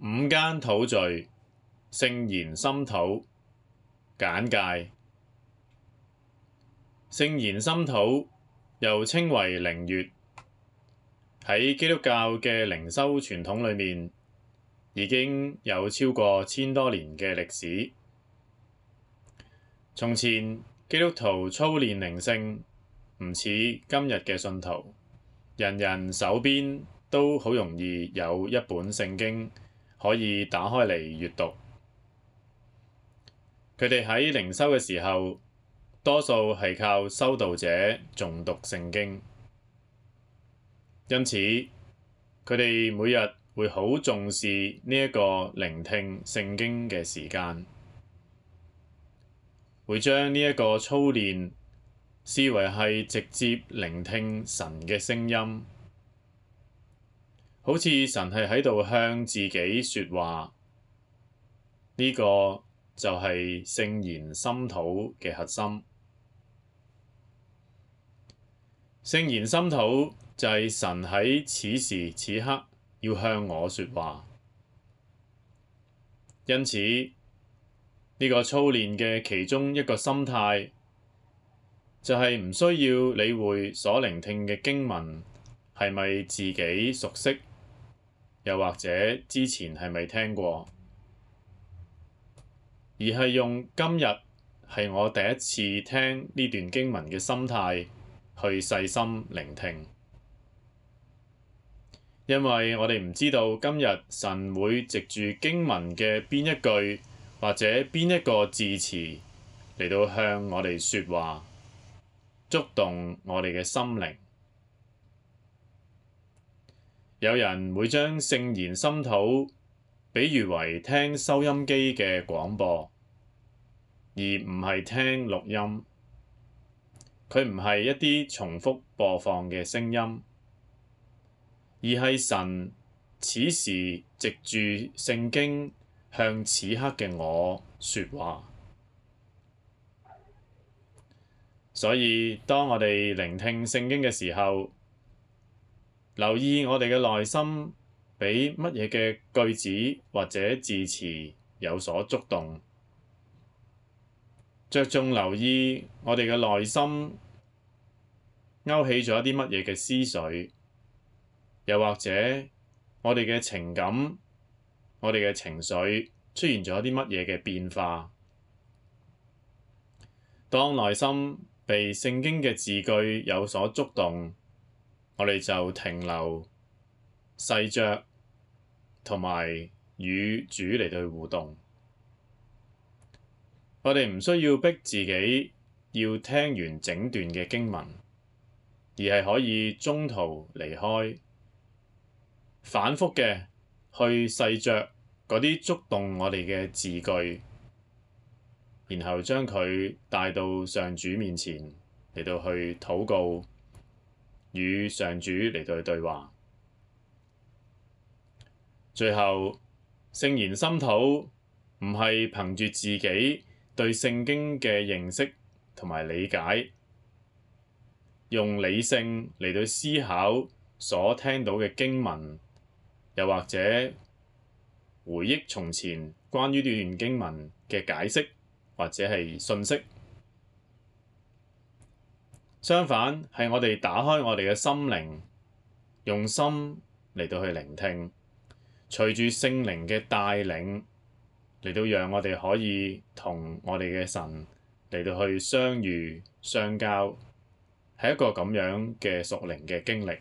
預苦期2021聖言心禱簡介。聖言心禱又稱為靈閱。喺基督教嘅靈修傳統裏面已經有超過千多年嘅歷史。從前基督徒操練靈性唔似今日嘅信徒，人人手邊都好容易有一本聖經。可以打開嚟閱讀。佢哋喺靈修嘅時候，多數係靠修道者誦讀聖經，因此佢哋每日會好重視呢一個聆聽聖經嘅時間，會將呢一個操練視為係直接聆聽神嘅聲音。好似神係喺度向自己說話，呢個就係聖言心禱嘅核心。聖言心禱就係神喺此時此刻要向我說話，因此呢個操練嘅其中一個心態就係唔需要理會所聆聽嘅經文係咪自己熟悉。又或者之前係未聽過，而係用今日係我第一次聽呢段經文嘅心態去細心聆聽，因為我哋唔知道今日神會藉住經文嘅邊一句或者邊一個字詞嚟到向我哋說話，觸動我哋嘅心靈。有人會將聖言心禱比喻為聽收音機嘅廣播，而唔係聽錄音。佢唔係一啲重複播放嘅聲音，而係神此時藉住聖經向此刻嘅我説話。所以，當我哋聆聽聖經嘅時候，留意我哋嘅內心，畀乜嘢嘅句子或者字詞有所觸動，着重留意我哋嘅內心勾起咗一啲乜嘢嘅思緒，又或者我哋嘅情感、我哋嘅情緒出現咗一啲乜嘢嘅變化。當內心被聖經嘅字句有所觸動，我哋就停留細嚼，同埋與主嚟到互動。我哋唔需要逼自己要聽完整段嘅經文，而係可以中途離開，反覆嘅去細嚼嗰啲觸動我哋嘅字句，然後將佢帶到上主面前，嚟到去禱告。與上主嚟到對話，最後，聖言心禱唔係憑住自己對聖經嘅認識同埋理解，用理性嚟到思考所聽到嘅經文，又或者回憶從前關於呢段經文嘅解釋或者係信息。相反，係我哋打開我哋嘅心靈，用心嚟到去聆聽，隨住聖靈嘅帶領嚟到，讓我哋可以同我哋嘅神嚟到去相遇相交，係一個咁樣嘅屬靈嘅經歷。